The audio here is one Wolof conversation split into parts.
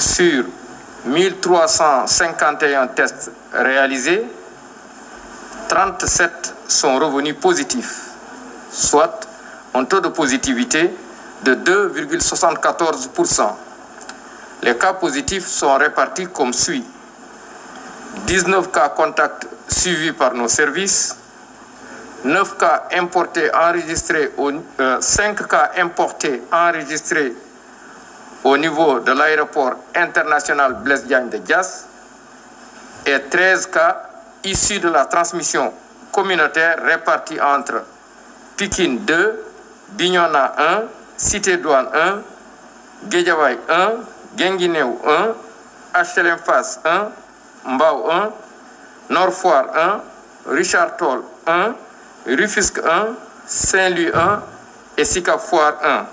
sur 1351 tests réalisés, 37 sont revenus positifs, soit un taux de positivité de 2,74%. Les cas positifs sont répartis comme suit. 19 cas contacts suivis par nos services, 9 cas importés enregistrés, au, euh, 5 cas importés enregistrés au niveau de l'aéroport international Blaise Diagne de Diass et 13 cas issus de la transmission communautaire répartis entre Pikine 2, Bignona 1, Cité Douane 1, Guédiawaye 1, Guinguinéo 1, HLM Fass 1, Mbao 1, Nord Foire 1, Richard Toll 1, Rufisque 1, Saint-Louis 1 et Sicap Foire 1.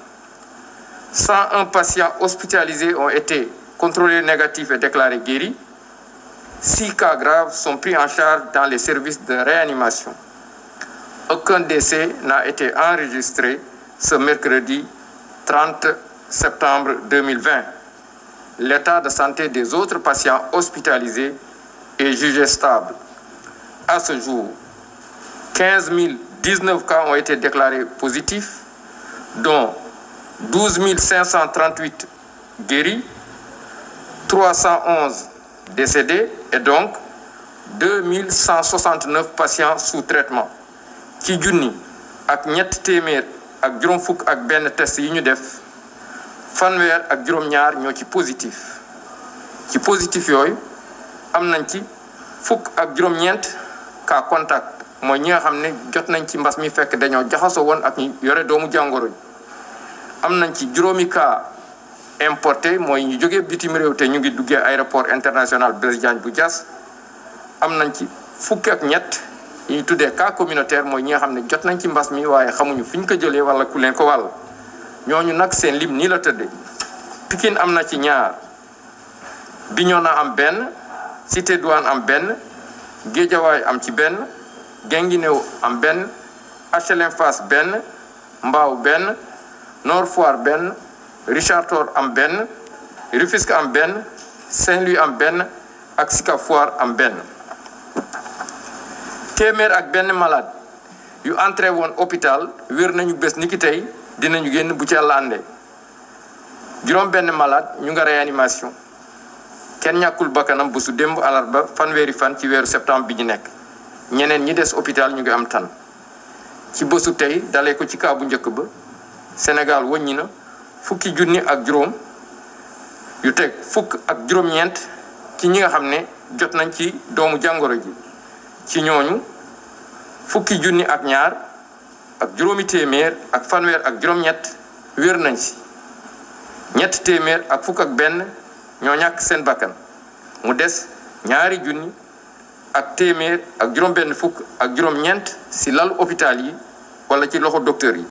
101 patients hospitalisés ont été contrôlés négatifs et déclarés guéris. 6 cas graves sont pris en charge dans les services de réanimation. Aucun décès n'a été enregistré ce mercredi 30 septembre 2020. L'état de santé des autres patients hospitalisés est jugé stable. À ce jour, 15 019 cas ont été déclarés positifs, dont douze mille cinq cent trente huit guéris trois cent onze décédés et donc deux mille cent soixante neuf patients sous traitement ci junni ak ñett téeméer ak juróom fukk ak benn test yi ñu def fanweer ak juróom-ñaar ñoo ci positif ci positif yooyu am nañ ci fukk ak juróom-ñeent cas contact mooy ñi nga xam ne jot nañ ci mbas mi fekk dañoo jaxasoo woon ak ñu yore doomu jàngoro am nañ ci juróomi cas importé mooy ñu jógee bitim réew te ñu ngi duggee aéroport international Blaise Diagne bu Diass am nañ ci fukki ak ñett ñu tuddee cas communautaire mooy ñi nga xam ne jot nañ ci mbas mi waaye xamuñu fi ñu ko jëlee wala ku leen ko wàll ñooñu nag seen lim nii la tëddee pikin am na ci ñaar Bignona am benn Cité Douane am benn géejawaay am ci benn Guinguinéo am benn HLM Fass benn Mbao benn Nord Foire benn Richard Toll am benn Rufisque am benn Saint-Louis am benn ak Sicap Foire am benn. téeméer ak benn malade yu entré woon hôpital wér nañu bés niki ki tey dinañu génn bu ci Yàlla àndee juróom benn malade ñu nga réanimation kenn ñàkkul bakkanam bu su démb alarba fanweeri fan ci weeru septembre bi ñu nekk ñeneen ñi des hôpital ñu ngi am tan ci bésu tey dalee ko ci kaa bu njëkk ba Sénégal wëññi na fukki junni ak juróom yu teg fukk ak juróom-ñeent ci ñi nga xam ne jot nañ ci doomu jàngoro ji ci ñooñu fukki junni ak ñaar ak juróomi téeméer ak fanweer ak juróom-ñett wér nañ ci ñett téeméer ak fukk ak benn ñoo ñàkk seen bakkan mu des ñaari junni ak téeméer ak juróom-benn fukk ak juróom-ñeent si lal hôpital yi wala ci loxo docteur yi